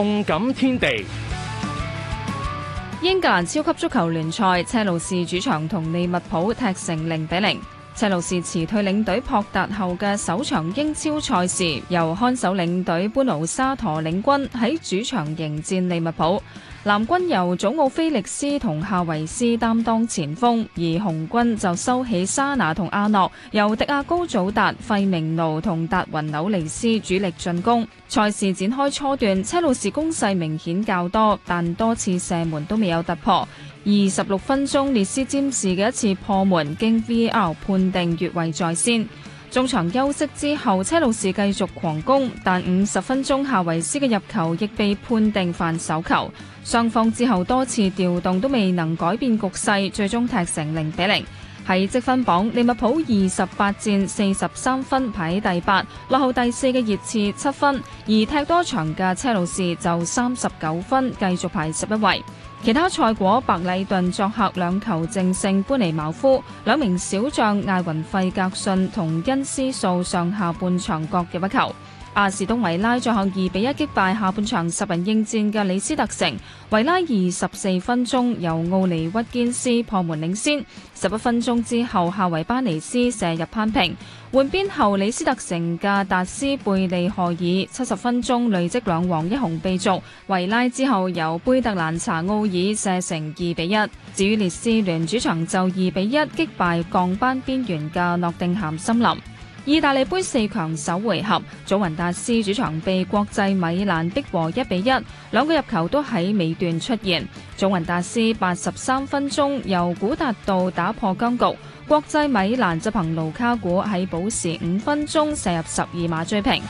動感天地，英格蘭超級足球聯賽，車路士主場同利物浦踢成零比零。車路士辭退領隊普達後嘅首場英超賽事，由看守領隊般奴沙陀領軍喺主場迎戰利物浦。藍軍由祖奧菲力斯同夏維斯擔當前鋒，而紅軍就收起沙拿同阿諾，由迪亞高祖達、費明奴同達雲紐尼斯主力進攻。賽事展開初段，車路士攻勢明顯較多，但多次射門都未有突破。二十六分鐘，列斯占士嘅一次破門經 VAR 判定越位在先。中場休息之後，車路士繼續狂攻，但五十分鐘夏維斯嘅入球亦被判定犯手球。雙方之後多次調動都未能改變局勢，最終踢成零比零。喺積分榜，利物浦二十八戰四十三分，排第八，落後第四嘅熱刺七分。而踢多場嘅車路士就三十九分，繼續排十一位。其他賽果，白禮頓作客兩球淨勝般尼茅夫，兩名小將艾雲費格遜同恩斯素上下半場各入一球。阿士東維拉最後二比一擊敗下半場十人應戰嘅李斯特城，維拉二十四分鐘由奧尼屈堅斯破門領先，十一分鐘之後夏維巴尼斯射入扳平。換邊後李斯特城嘅達斯貝利荷爾七十分鐘累積兩黃一紅被逐，維拉之後由貝特蘭查奧爾射成二比一。至於列斯聯主場就二比一擊敗降班邊緣嘅諾定咸森林。意大利杯四強首回合，祖雲達斯主場被國際米蘭逼和一比一，兩個入球都喺尾段出現。祖雲達斯八十三分鐘由古達道打破僵局，國際米蘭則憑盧卡古喺補時五分鐘射入十二碼追平。